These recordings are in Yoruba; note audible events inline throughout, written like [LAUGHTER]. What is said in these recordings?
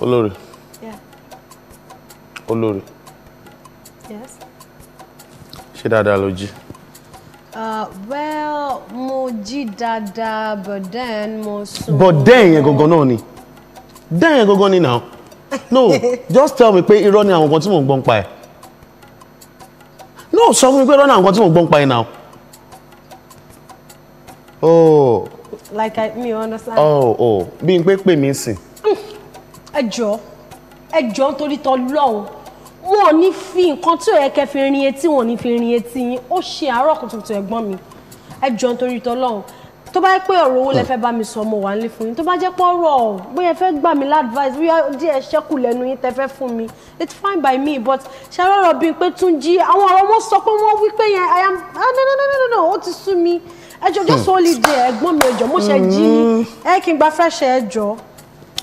Olórí. Yeah. Olórí. Yes. Ṣé dáadáa ló jí? Uh, well, mo jí dáadáa, but then mo sùn. But then yẹn gangan náà ni. Then yẹn gangan ni now. No, [LAUGHS] just tell me pé irọ́ ni àwọn kan tí mò ń gbọ́ pa ẹ̀. No, sọ fún mi pé irọ́ ni àwọn kan tí mò ń gbọ́ pa ẹ̀ now. Oh. Like I, me, you understand? Oh, oh. Bí n pé pè mí sìn. Mm ẹ jọ ẹ jọ nítorí tọ lọ́hùn wọn ò ní fi nǹkan tí ò yẹ kẹ́ fi rin etí wọn ò ní fi rin etí yín ó ṣe àárọ̀ kùtùkùtù ẹ̀gbọ́n mi ẹ nítorí tọ tó bá yẹ pé ọ̀rọ̀ owó lẹ fẹ́ bá mi sọ mo wà nílé fún yín tó bá jẹ́ pé ọ̀rọ̀ bóyá ẹ fẹ́ gbà mí ládvice bóyá díẹ̀ ṣẹ́kù lẹ́nu yín tẹ fẹ́ fún mi it's fine by me but ṣe ọ̀rọ̀ bíi pé Túnjí àwọn ọ̀rọ̀ wọn sọ pé wọ́n wí pé yẹn i am no no no no no no ó ti sú mi ẹjọ́ just hmm. holiday ẹ̀gbọ́n mi ẹjọ́ mo ṣe jí hmm. ẹ kí n gba fresh ẹjọ́.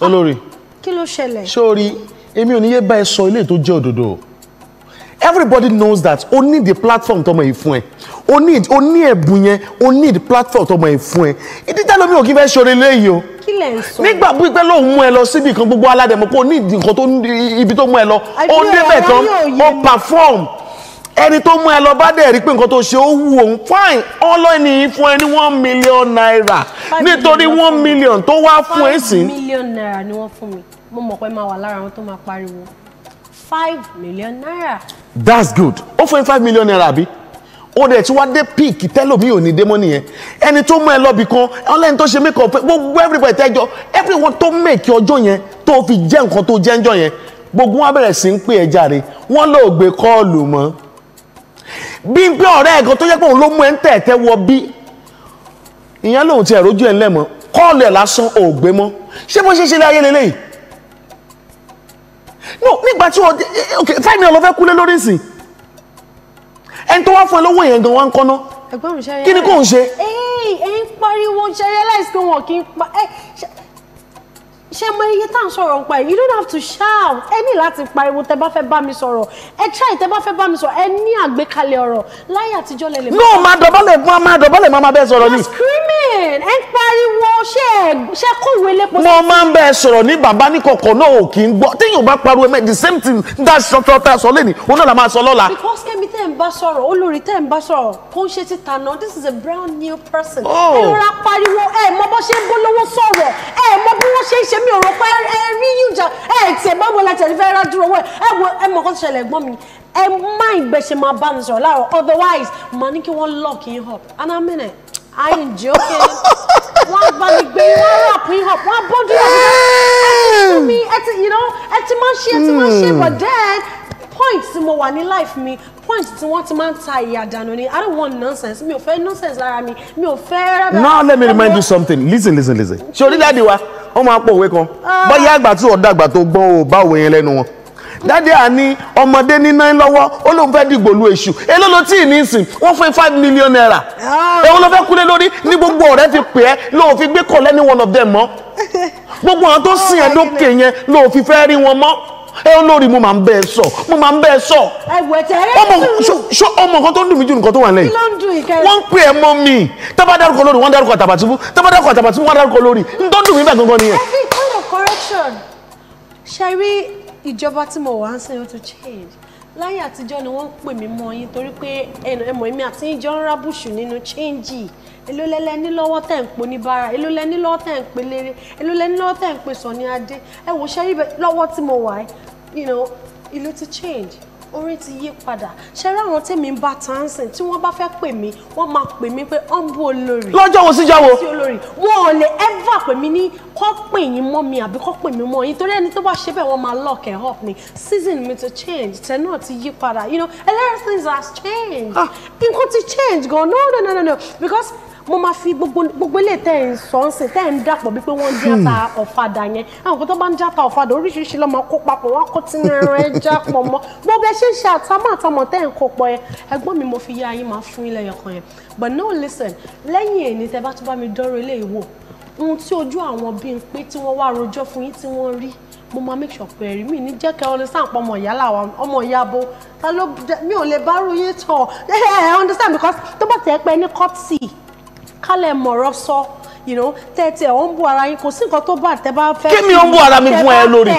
olórí kí ló ṣẹlẹ̀. sórí èmi ò ní yé bá ẹ sọ ilé to jẹ́ òdodo everybody knows that o need the platform tọmọ yìí fún ẹ o need o ní ẹ̀bùn yẹn o need platform tọmọ yìí fún ẹ ìdí tẹ́lẹ̀ mi ò kí fẹ́ ṣe orin léyìí o kí lẹ̀ ń sọ nígbà pípẹ́ ló mú ẹ lọ síbi kan gbogbo aládẹ̀mọ́ pé o ní nǹkan tó ibi tó mú ẹ lọ o débẹ̀ tán o perform ẹni tó mú ẹ lọ bá dẹ̀ rí pé nǹkan tó ṣe ó wù òun fine ọlọ́ọ̀ni yìí fún ẹ ní one million naira nítorí one million tó wá fún ẹ sí. five million naira ni wọ́n fún mi mo mọ̀ pé máa wà lára àwọn tó máa pariwo five million naira. that's good ó fún five million naira bí ó dẹ̀ tí wàá dé píìkì tẹ́lòmí ò ní dé mọ́ nìyẹn ẹni tó mú ẹ lọ́bì kan ọlẹ́ni tó ṣe make up gbogbo everybody tẹ́jọ́ everyone tó make ọjọ́ yẹn tó fi jẹ́ nǹkan tó jẹ́ ńjọ́ yẹn gbogbo wọn bẹ̀rẹ̀ sí ń pè ẹ jàre wọ́n lóò gbé kọ́ọ̀lù mọ́ bí n pé ọ̀rẹ́ ẹ̀kan tó jẹ́ pé òun ló mú ẹ ń tẹ̀tẹ̀ wọ bí ìyẹn lòun ti ẹ̀rọ ojú ẹ̀ ńlẹ̀ mọ́ kọ́ọ̀lù ẹ̀ lásán ò gbé mọ́ ṣé bó ṣe ṣe láyé lélẹ́yìí no nígbà tí wọ́n eh, eh, ok five million ló fẹ́ kúlé lórí ìsìn ẹni tó wá fún ẹ lówó yẹn gan wá ń kọ́ná ẹ̀gbọ́n mi ṣẹlẹ kí ni kò ń ṣe. ẹ ń pariwo ṣe realize pé wọn kì í pa ẹ eh, ṣe mọ iye tá à ń sọ̀rọ̀ nípa ẹ̀ you don't have to shout ẹ ní láti pariwo tẹ bá fẹ́ bá mi sọ̀rọ̀ ẹ try tẹ bá fẹ́ bá mi sọ̀rọ̀ ẹ ní àgbékalẹ̀ ọ̀rọ̀ láyé àtijọ́ lẹ no máa dọ̀bálẹ̀ máa dọ̀bálẹ̀ máa bẹ́ẹ̀ sọ̀rọ̀ ni. you are screaming ẹ ń pariwo ṣe kọ̀wé lépo. mo máa ń bẹ sọ̀rọ̀ ní bàbá ní kọ̀kọ̀ náà ò kì í gbọ́ tí yóò bá pariwo ẹ the same thing that sọ́tọ́ tá a sọ lẹ́nu òun náà la máa sọ lọ́la. because kẹ́mi tẹ́ ń bá sọ̀rọ̀ olórí tẹ́ ń bá sọ̀rọ̀ kò ń ṣe ti tànà this is a brand new person. Oh. ẹ lọ́ra pariwo ẹ mọ bó ṣe ń gbólówó sọ̀rọ̀ ẹ mọ bí wọ́n ṣe ń ṣe mí ò ẹ má ìgbẹ́sẹ̀ máa bá mi sọ̀rọ̀ láàrọ̀ otherwise màá ní kí wọ́n lock in up and I mean I am joking. Wọ́n á bá mi gbé wọ́n á rap yín up, wọ́n á bọ́dú yín Ẹ mi, ẹ ti, you know, ẹ ti máa ṣe, ẹ ti máa ṣe, hmm. but then point tí mo wà ní life mi point tí wọ́n ti máa ń ta ìyà dànù ni I don't want nonsense mi ò fẹ́ nonsense lára mi mi ò fẹ́ now let me remind you something listen listen listen ṣé orílẹ̀-èdè wa wọ́n máa pọ̀ òwe kan uh, bọ́yá àgbà tí ọ̀dà àgbà tó gbọ́n o bá òwe yẹn lẹ́nu wọn dáadé àní ọmọdé níná lọ́wọ́ ó lóun fẹ́ dìgbò lu èṣù èló ló tí ì ní sìn wọ́n fún five million naira ah. èwo ló fẹ́ kúlé lórí ní gbogbo ọ̀rẹ́ fi pè é lóò fi gbé kọ̀lẹ́ ní one of them mọ́ [LAUGHS] gbogbo àwọn tó sìn ẹ́ lókè yẹn lóò fi fẹ́ rí wọn mọ́ ẹ olórí mo máa ń bẹ ẹ sọ mo máa ń bẹ ẹ sọ ọmọ ṣọ ọmọ nǹkan tó ń dùn mí ju nǹkan tó wà lẹ́yìn wọ́n ń pè ẹ mọ́ mi tá bá dárúkọ lórí wọ́n dárúkọ àtàbàtúbú tá bá dárúkọ àtàbàtúbú wọ́n dárúkọ lórí ń tó dùn mí bẹ́ẹ̀ gangan nìyẹn. correction ṣe ìjọba tí mo wà ń sìn ó ti change láyé àtijọ́ ni wọ́n ń pè mí mọ́ yín torí pé ẹ̀mọ̀ èmi àti ìjọ ń rábùṣù nínú chẹ́ǹjì elólẹ́lẹ́ nílọ́wọ́ tẹ̀ ń pè oníbàárà elólẹ́ nílọ́wọ́ tẹ̀ ń pè lérè elólẹ́ nílọ́wọ́ tẹ̀ ń pè sọ̀ni adé ẹ wò ṣẹ́rí lọ́wọ́ tí mo wà ẹ́ ìlú ti change orí ti yí padà ṣe ráwọn tèmi ń bá tansin tí wọ́n bá fẹ́ pè mí wọ́n máa pè mí pé ọ̀nbù olórí. lọ́jọ́ wo síjọ́ wo. sí olórí wọn ò lè ever pè mí ní kọ́ pè yín mọ́ mi àbí kọ́ pè mí mọ́ yín torí ẹni tó bá ṣe bẹ́ẹ̀ wọ́n máa lock ẹ̀ up ni season mi to change tẹ̀ náà ti yí padà you know a lot of things has changed ah. nǹkan ti change gan no no no no no because mo máa fi gbogbo gbogbo ilé tẹ́ ẹ̀ ń sọ ń sìn tẹ́ ẹ̀ ń dàpọ̀ bí pé wọ́n ń játa hmm. ọ̀fadà yẹn àwọn kan tó bá ń játa ọ̀fadà oríṣiríṣi lọ́mọ kó papọ̀ wọn kó tinú ẹran ẹja pọ̀ mọ́ gbogbo ẹ ṣe ń ṣe àtàmọ́ àtàmọ́ tẹ́ ẹ̀ ń kó pọ̀ yẹn ẹgbọ́n mi mo fi yá yín máa fún ilé ẹ̀kan yẹn but no listen lẹ́yìn èyí tẹ́ bá tún bá mi dọ́rọ̀ ilé ìwò ohun tí ojú àwọn bíi ń pé tí wọ́n wá rojọ́ fún yín tí wọ́n rí mo máa make sure pé ẹ̀rí mi ní jẹ́ kẹ́ understand pọ̀ ọmọ ìyá làwọn ọmọ ìyá bo ta ló mi ò lè bá rú yín tọ̀ ẹ̀ [LAUGHS] ẹ̀ understand because tó bá tẹ̀ ẹ́ pẹ́ ní courtesy kálẹ̀ mọ̀rọ̀ sọ tẹ̀tẹ̀ ọ̀ ń bu ara yín kò sí nǹkan tó bá tẹ́ bá fẹ́. kí mi ò ń bu ara mi fún ẹ lórí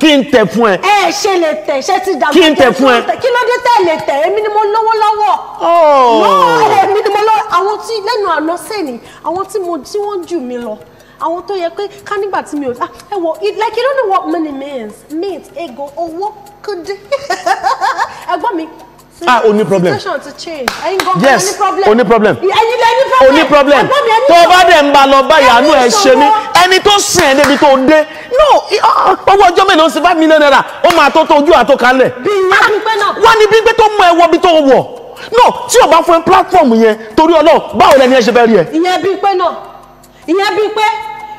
kí n tẹ fún ẹ. ẹ ṣe lè tẹ ṣe ti dàgbà kí n tẹ fún ẹ. kí ló dé tẹ lè tẹ èmi ni mo lówó lọ́wọ́. lọ́wọ́ oh. èmi ni mo lọ àwọn tí lẹ́nu àná sẹ́ni àwọn tí mo tí wọ́n jù mí lọ àwọn tó yẹ pé ká nígbà tí mi ò ah, ẹ wọ like you don't know what money means means ego owó kúndé [LAUGHS] ah o ní problem yes only ní problem o ní problem tó o bá dẹ̀ ń ba lọ báyìí àánú ẹ̀ ṣe mí ẹni tó sìn ẹ́ débi tó dé no ah, ah, owó ọjọ́ mélòó sí five million naira ó máa tó tó ojú àtọkalẹ̀ wọ́n ah, ní bí gbé tó mọ ẹwọ́ bí tó wọ̀ no tí o bá fún ẹ platform yẹn torí Ọlọ́run báwo lẹni ẹ ṣe fẹ́ rí ẹ. ìyẹn bíi pé náà ìyẹn bíi pé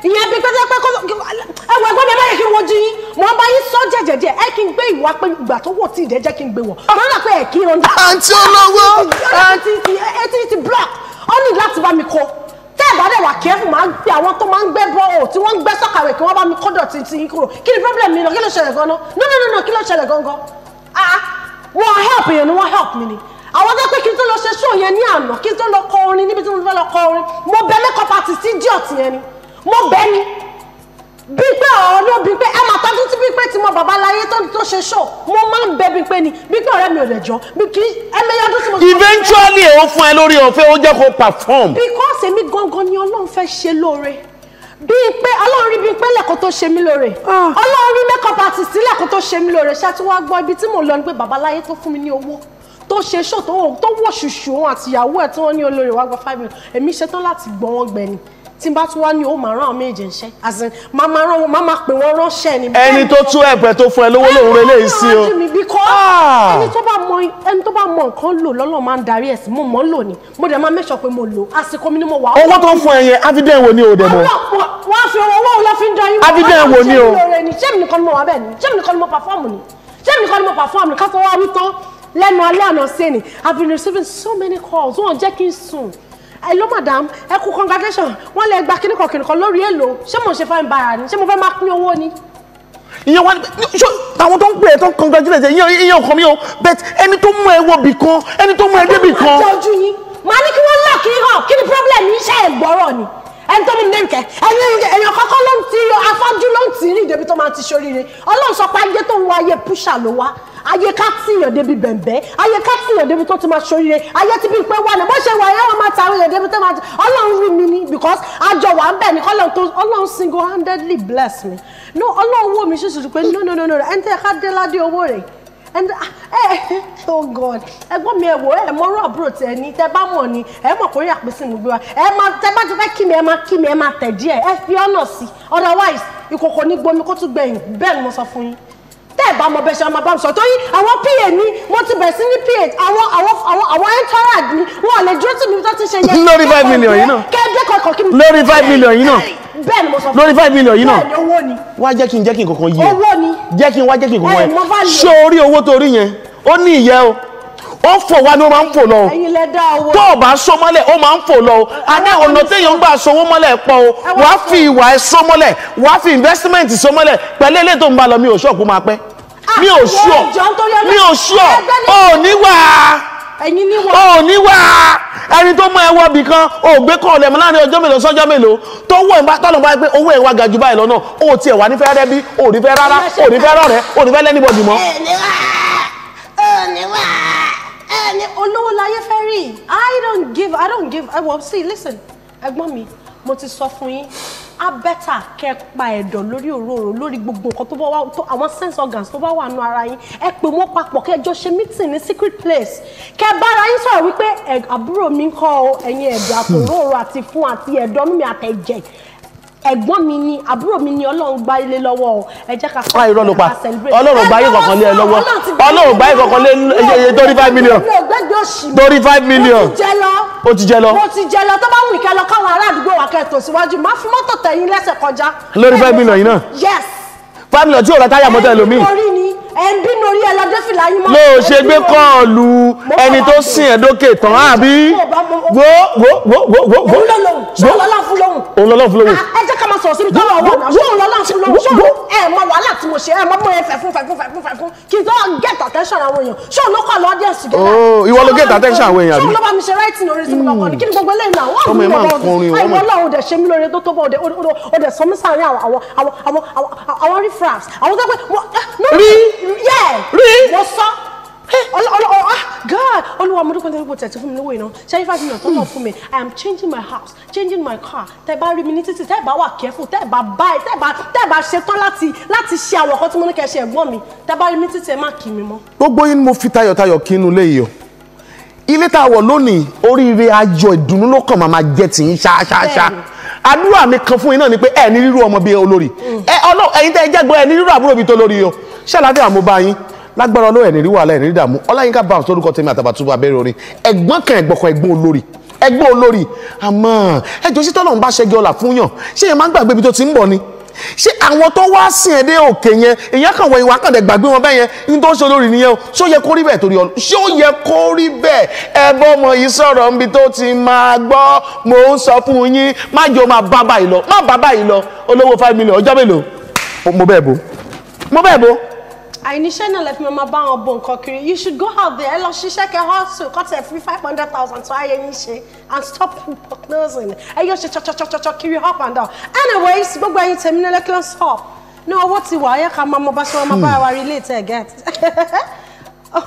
ìyẹn bíi pé wo ẹgbẹ́ mi ẹ kí n wojú yín mò bá yín sọ jẹjẹjẹ ẹ kí n gbé ìwà pé ìgbà tó wọ̀ tí ìdẹ́jẹ́ kí n gbé wọ̀ ah. mo ń pé ẹ kí irun àǹtí olówó àǹtí etí ti block ó ní láti bá mi kọ tẹ́ ẹ̀ bá dẹ̀ wà kẹ́fù máa ń pe àwọn tó máa ń gbẹ́ bọ́ọ̀ tí wọ́n ń gbẹ́ sọ́kàwé kí wọ́n bá mi kọ́dọ̀ tí tí kúrò kí ni problem mi náà kí ló ṣẹlẹ̀ gan-an no no no no kí ló ṣẹlẹ̀ gan-an ah, ah wọ́n help èèyàn ni wọ́n help mi ni àwọn tó pé kí n tó lọ ṣe ṣó yẹn ní àná kí n tó lọ kọ orin níbi tí mo fẹ́ lọ kọ orin mo bẹ lẹ́kọ̀ọ́ pàtì sí yẹn ni mo bẹ ni Bímpé ọ̀rọ̀ ló Bímpé ẹ máa tọ́jú tí Bímpé ti mọ bàbá láyé tó tó ṣe ṣó mo máa ń bẹ Bímpé ni Bímpé ọ̀rẹ́ mi ò lè jọ kí ẹmẹ yọdún tí mo. eventually ó fún ẹ lórí ọ̀fẹ́ ó jẹ́ kó perform. because èmi gangan ni Ọlọ́run fẹ́ ṣe lóore Bímpé Ọlọ́run rí Bímpé lẹ́kọ̀ọ́ tó ṣe mí lóore ah. Ọlọ́run rí makeup artist lẹ́kọ̀ọ́ tó ṣe mí lóore ṣé tí wàá gbọ́ ibi tí mo lọ ni pé bàbá láyé tó fún mi ní owó tó ṣe ṣó tó wọ̀ ṣùṣù òun àtìyàwó ẹ̀ tí wọ́n ní olóore wàá gba five million èmi ṣetán láti gbọ́ wọn gbẹ̀yìn tí n bá tún wá ní o máa rán àwọn méje ńṣẹ́ as in máa máa rán máa máa pè wọ́n ránṣẹ́ ni. ẹni tó tún ẹ̀pẹ̀ tó fún ẹ lówó lòun rẹ léyìí sí o. Ah! ẹni tó bá mọ ẹni tó bá mọ nǹkan lò lọ́lọ́ máa ń darí ẹ̀ sí mo mọ̀ ń lò ní mo dẹ̀ máa mẹ́sọ̀ pé mo lò àsìkò mi ni mo wà. owó tó ń fún ẹ yẹn áfídẹ́ẹ̀ wo ni o dẹ̀ mọ́. wọ́n á fi owó owó la fi ń darí wọn. áfídẹ́ẹ̀ wo ni o. ṣé mi nìkan ni mo wà bẹ́ẹ̀ ni ṣé mi nìkan ni mo perform ni ṣé mi nìkan ni mo hello madam ẹ kú congratulation wọ́n lè gba kíníkan kíníkan lórí èlò ṣé mo ṣe fine bára ni ṣé mo fẹ́ máa pín owó ni ìyẹn wá ṣó àwọn tó ń pè é tó ń congratulate ìyẹn ìyẹn ọkàn mi o but ẹni tó mú ẹ wọbì kan ẹni tó mú ẹ débì kan. wọ́n jọjú yín màá ní kí wọ́n lọ kí hàn kí ni problem yìí ṣe é gbọ́rọ̀ ni ẹni tó mi ní nǹkẹ́ ẹni èèyàn kọ́kọ́ ló ń ti afọ́jú ló ń tì í ní ìdèbí tó máa ti ṣoríire ọlọ́run sọ pé ajé tó ń wá ayé púṣà ló wá ayé ká tìyàn débi bẹ̀m̀bẹ́ ayé ká tìyàn débi tó ti máa ṣoríire ayé tí bí pé wà ní bó ṣe wà yẹn wọn máa ta àwọn èèyàn débi tó máa jẹ ọlọ́run rí mi ni because àjọ wà ń bẹ̀ ní ọlọ́run tó ọlọ́run single handedly bless me no ọlọ́run wò mí ṣùṣù pé no no no no ẹni tẹ́ ká dé ládé owó rẹ̀ and ah, ẹ oh god ẹ̀gbọ́n mi ẹ wò ẹ mọrú àbúrò tẹ ní tẹ bá mọ̀ ni ẹ mọ̀ kórè àpèsè nígbè wa ẹ má tẹ bá ti fẹ́ kí mi ẹ má kí mi ẹ má tẹ díẹ̀ ẹ fi ọ̀nà sí otherwise ìkòkò ní gbomi kó tún gbẹ̀yìn bẹ́ẹ̀ ni mo sọ fún yín tẹ́ ẹ̀ bá mọ bẹ́ẹ̀ ṣe máa bá mi sọ torí àwọn pa mi mo ti bẹ̀rẹ̀ sí ní pa àwọn àwọn àwọn àwọn entourage mi wọn ò lè dúró tì mí tó ti ṣe yẹn. [LAUGHS] lórí five million yìí náà kẹ́ẹ́dẹ́ kọ̀ọ̀kan kí mi. lórí five million yìí náà bẹ́ẹ̀ ni mo sọ fún mi. lórí five million yìí náà bẹ́ẹ̀ ni owó ni. wá jẹ́ kí n jẹ́ kí n kankan yé owó ni. jẹ́ kí n wá jẹ́ kí n kankan yé ṣé orí owó tó rí yẹn ó ní ìyẹ́ o ó fò wá ni ó máa ń fò lọ o tó o bá so mọ́lẹ̀ ó máa ń fò lọ o àní ọ̀nà téèyàn ń gbà sowó mọ́lẹ̀ pọ̀ o wàá fi ìwà ẹ̀ so mọ́lẹ̀ wàá fi investment so mọ́lẹ̀ pẹ̀lú eléyìí ń bá lọ mi ò ṣọ́ọ̀kú máa pẹ́ mi ò ṣùọ mi ò ṣùọ ò ní wà ò ní wà ẹni tó mọ ẹwọ bì kan ò gbé kàn lẹ̀ mọ́ láàrin ọjọ́ mélòó sọ́jọ́ mélòó tó wọ̀ nípa tọ́lọ̀ bá pé owó ẹ̀wà ga jù báyìí lọ́nà ó tiẹ̀ wà nífẹ̀ẹ́ rẹ bí ò ní fẹ́ rárá ò ní fẹ́ rọ̀rẹ́ ò ní fẹ́ lẹ́nìbọ̀dì mọ́. olówó láyé fẹ́ rí i don't give i don't give ẹ wọ sí listen ẹ̀gbọ́n mi mo ti sọ fún yín á bẹ́tà kẹ́ pa ẹ̀dọ̀ lórí òróró lórí gbogbo nǹkan tó bá wà tó àwọn sense organs tó bá wà nù ara yín ẹ pè wọ́n papọ̀ kẹ́ jọ ṣe meeting ní secret place kẹ́ bára yín sọ̀rọ̀ wípé àbúrò mi ń kọ́ ẹ̀yin ẹ̀dọ̀ àtòróró àti fún àti ẹ̀dọ̀ mímì àtẹ̀jẹ̀ ẹ̀gbọ́n mi ni àbúrò mi ni ọlọ́run gba ilé lọ́wọ́ o ẹ jẹ́ ká fún ah, irọ́ ló pa ọlọ́run gba ayé kankan lé ẹ lọ́wọ́ ọlọ́run gba ayé kankan lé ẹ torí five million torí five million ó ti jẹ lọ ó ti jẹ lọ tó bá wù ìkẹ́ lọ káwọn ará àdúgbò wa kẹ́ tó síwájú má fi mọ́tò tẹ̀yìn lẹ́sẹ̀ kọjá lórí five million yìí náà yes five million tí ò rà táyà mọ́tò ẹlòmíì ẹ̀ ń bínú orí ẹlẹ́dẹ́fìlà yín mọ́. lóò ṣe gbé kọ́ọ̀lù ẹni tó sìn ẹ́ dókè tán àbí. wo wo wo wo wo wo. òun lọ́lá fún lóhùn. òun lọ́lá ah, fún lóhùn. ẹ jẹ́ ká máa sọ̀rọ̀ síbi tọ́lọ̀ wà náà ṣóun lọ́lá fún lóhùn ṣóun ẹ̀ mọ wàhálà tí mo ṣe ẹ̀ mọ mọ ẹ fẹ̀ fún fẹ̀ fún fẹ̀ fún fẹ̀ fún kí n tó get attention àwọn èèyàn ṣóun ló kọ́ lọ audience gẹ́gẹ́. Oh, ìwọ ló get attention àwọn èèyàn àbí. ṣóun ló bá mi ṣe writing orin sí mi lọ́kọ̀ ni kí ni gbogbo eléyìí náà wọ́n mi lọ́wọ́ ọ̀dẹ̀ ṣe mí lóore yeah. rí. mo sọ. Ah, God olúwa mo dúpẹ́ nípa tẹ̀sí fún mi lówó iná ṣáyé five million tó lọ fún mi I am changing my house changing my car tẹ́ bá rí mi ní títì tẹ́ bá wà careful tẹ́ bá báyìí tẹ́ bá tẹ́ bá ṣetán láti láti ṣe àwọn ọkọ tí mo ní kẹ́ ṣe ẹ̀gbọ́n mi tẹ́ bá rí mi títì ẹ má kì mí mọ́. gbogbo yín ni mo fi tayọ̀tayọ̀ kí inú ilé yìí o ilé tá a wọ̀ lónìí oríire ayọ̀ ìdùnnú ló kàn máa jẹ́ tì í ṣáṣáṣá àdúrà mi kan fún yín náà ni pé ẹ ní rírú ọmọ bíi olórí mm. ẹ ọlọ́ ẹ̀yin tẹ́ ẹ jẹ́gbọ́ ẹ ní rírú àbúrò bíi tó lórí o ṣàlàyé àmọ́ bá yín lágbára ọlọ́run ẹ̀ní rí wàhálà ẹ̀ní rí dààmú ọláyínká bá àwùjọ orúkọ tèmi àtàbàtúbú abẹ́rẹ́ orin ẹ̀gbọ́n kan ẹ̀gbọ́kọ̀ ẹ̀gbọ́n olórí ẹ̀gbọ́n olórí àmọ́ ẹjọ́ sí tọ́lọ́run bá ṣẹ́gi ọlà fún yàn ṣé èèyàn máa ń gbàgbé ibi tó ti ń bọ̀ ni ṣé àwọn tó wá sìn ẹ́ dé òkè yẹn èèyàn kan wọ ìwà kan dẹ̀ gbàgbé wọn bẹ́yẹn ní tó ń ṣe olórí nìyẹn o ṣé ó yẹ kó rí bẹ́ẹ̀ torí ọ̀nà ṣé yẹ kó rí bẹ́ẹ̀ ẹ bọ́ ọmọ yìí sọ̀rọ̀ níbi tó ti máa gbọ́ mò ń sọ fún yín má jọ máa bá báyìí lọ má bá báyìí lọ olówó five million ọjọ́ mélòó mo bẹ́ẹ̀ bo mo bẹ́ẹ̀ bo àìníṣẹ́ náà lè fi máa bá wọn bo nǹkan kiri you should go out there ẹ lọ ṣiṣẹ́ kẹ hustle Cut tẹ̀ free five hundred thousand to ayé yín ṣe and stop closing. ẹ yóò ṣe chọ́chọ́chọ́chọ́ kiri up and down anyways gbogbo ẹyin tèmi nílẹ̀ kí ló ń sọ ní owó ti wà ayé ká máa mọ bá ṣe wọn máa bá wa relate ẹ get. [LAUGHS] Oh,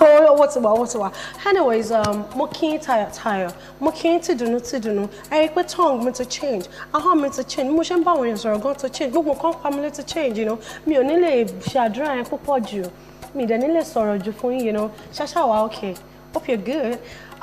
ti wà owó ti wà anyways um, mo kí tire tire, mo kí n tìdùnnú tìdùnnú ẹ rí i pé tongue mi to change ahọ́n mi to change mo ṣe ń bá àwọn gan ti change gbogbo nǹkan pa mi lé change you know mi ò ní lè ṣàdúrà yẹn púpọ̀ jù mi ìdẹ̀ ní lè sọ̀rọ̀ jù fún you know ṣáṣá wa okay hope you're good.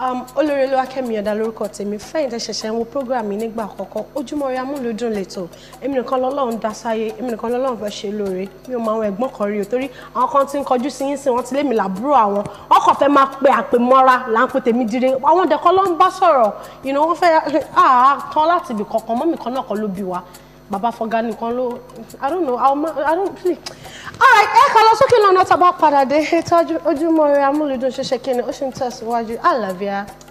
Um, olórí Olúwakẹ́mi Ìyàndá lórúkọ tèmi fẹ́yìn tẹ́ ṣẹ̀ṣẹ̀ ń wo program mi nígbà àkọ́kọ́ Ojúmọ́ Ire amúlùdùn lẹ́tọ̀ èmi nìkan lọ́lọ́run dá sáyé èmi nìkan lọ́lọ́run fẹ́ ṣe lóore mi ò mọ àwọn ẹ̀gbọ́n kan rí o torí àwọn kan ti ń kọjú sí yín sí wọn ti lé mi làbúrò àwọn wọn kàn fẹ́ máa pe àpèmọ́ra là ń pe tèmi dire àwọn dẹ̀kọ́ ló ń bá sọ̀rọ̀ ìnáwó fẹ́ àá [LAUGHS] ah, tán láti ibì kankan mọ́mì kan náà kan ló bí wa bàbá fọgá nìkan ló i don't know how ma i don't really alright ẹ kà lọ sókè lọ́nà tá a bá padà dé ètò ojúmọ́ ire amúlùdùn ṣẹṣẹ kí ni ó ṣì ń tẹ̀síwájú àlàáfíà.